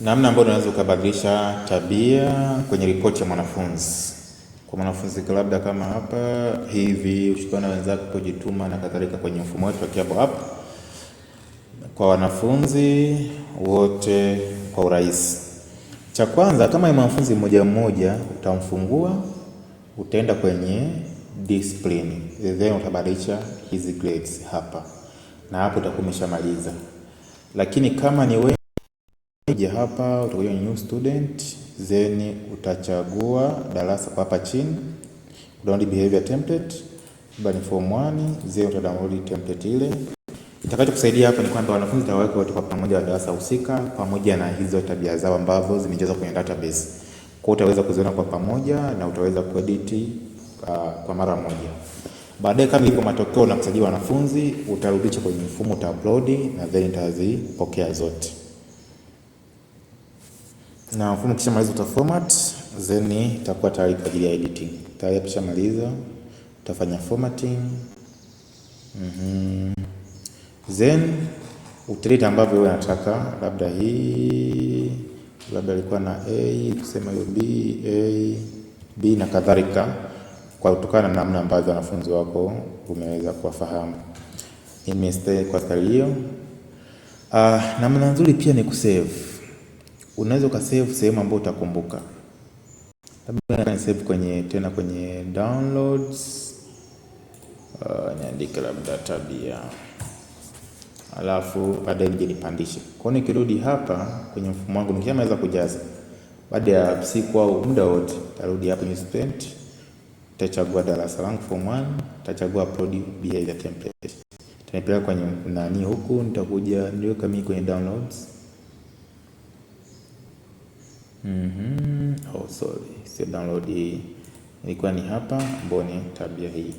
Namna ambayo unaweza ukabadilisha tabia kwenye ripoti ya mwanafunzi. Kwa mwanafunzi labda kama hapa hivi, ushikana na wenzako kujituma na kadhalika, kwenye mfumo wetu wa kiapo app kwa wanafunzi wote kwa urahisi. Cha kwanza, kama ni mwanafunzi mmoja mmoja, utamfungua utaenda kwenye discipline, then utabadilisha hizi grades hapa, na hapo utakuwa umeshamaliza. Lakini kama ni we utakuja hapa, utakuja new student, then utachagua darasa kwa hapa chini, download behavior template bani form 1, then utadownload template ile. Itakacho kusaidia hapa ni kwamba wanafunzi tawaweka wote kwa pamoja wa darasa husika pamoja na hizo tabia zao ambazo zimejazwa kwenye database. Kwa utaweza kuziona kwa pamoja na utaweza kuedit uh, kwa mara moja. Baadaye kama ilivyo matokeo na kusajili wanafunzi, utarudisha kwenye mfumo, utaupload na then utazipokea zote na mfumo kisha maliza uta format then itakuwa tayari kwa ajili ya editing. Tayari kisha maliza utafanya formatting mm -hmm. Then utelete ambavyo wewe unataka, labda hii labda ilikuwa na A tuseme hiyo B A B na kadhalika, kwa kutokana na namna ambavyo wanafunzi wako umeweza kuwafahamu. Imestay kwa staili hiyo. Uh, namna nzuri pia ni kusave unaweza ukasave sehemu ambayo utakumbuka, labda save kwenye tena kwenye downloads uh, niandike labda tabia alafu baadaye nije nipandishe. Kwa hiyo nikirudi hapa kwenye mfumo wangu nikishamaweza kujaza, baada ya siku au muda wote tarudi hapa kwenye student, tachagua darasa langu form 1, nitachagua upload behavior template, Tanipeleka kwenye nani huku, nitakuja niweka mimi kwenye downloads mm -hmm. Oh, sorry, sio download hii, ilikuwa ni hapa mboni tabia hii,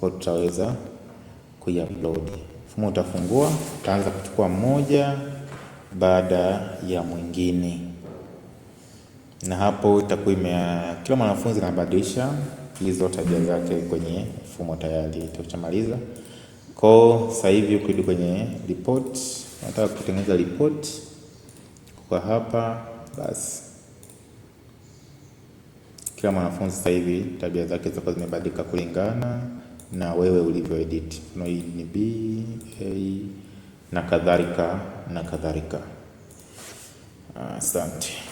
kwa tutaweza kuiupload. Mfumo utafungua, utaanza kuchukua mmoja baada ya mwingine, na hapo itakuwa kila mwanafunzi anabadilisha hizo tabia zake kwenye mfumo tayari. Tutamaliza kwa sasa hivi, ukirudi kwenye report, nataka kutengeneza report kwa hapa basi. Kila mwanafunzi sasa hivi tabia zake zitakuwa zimebadilika kulingana na wewe ulivyo edit. no, hii ni B, A na kadhalika na kadhalika. Asante.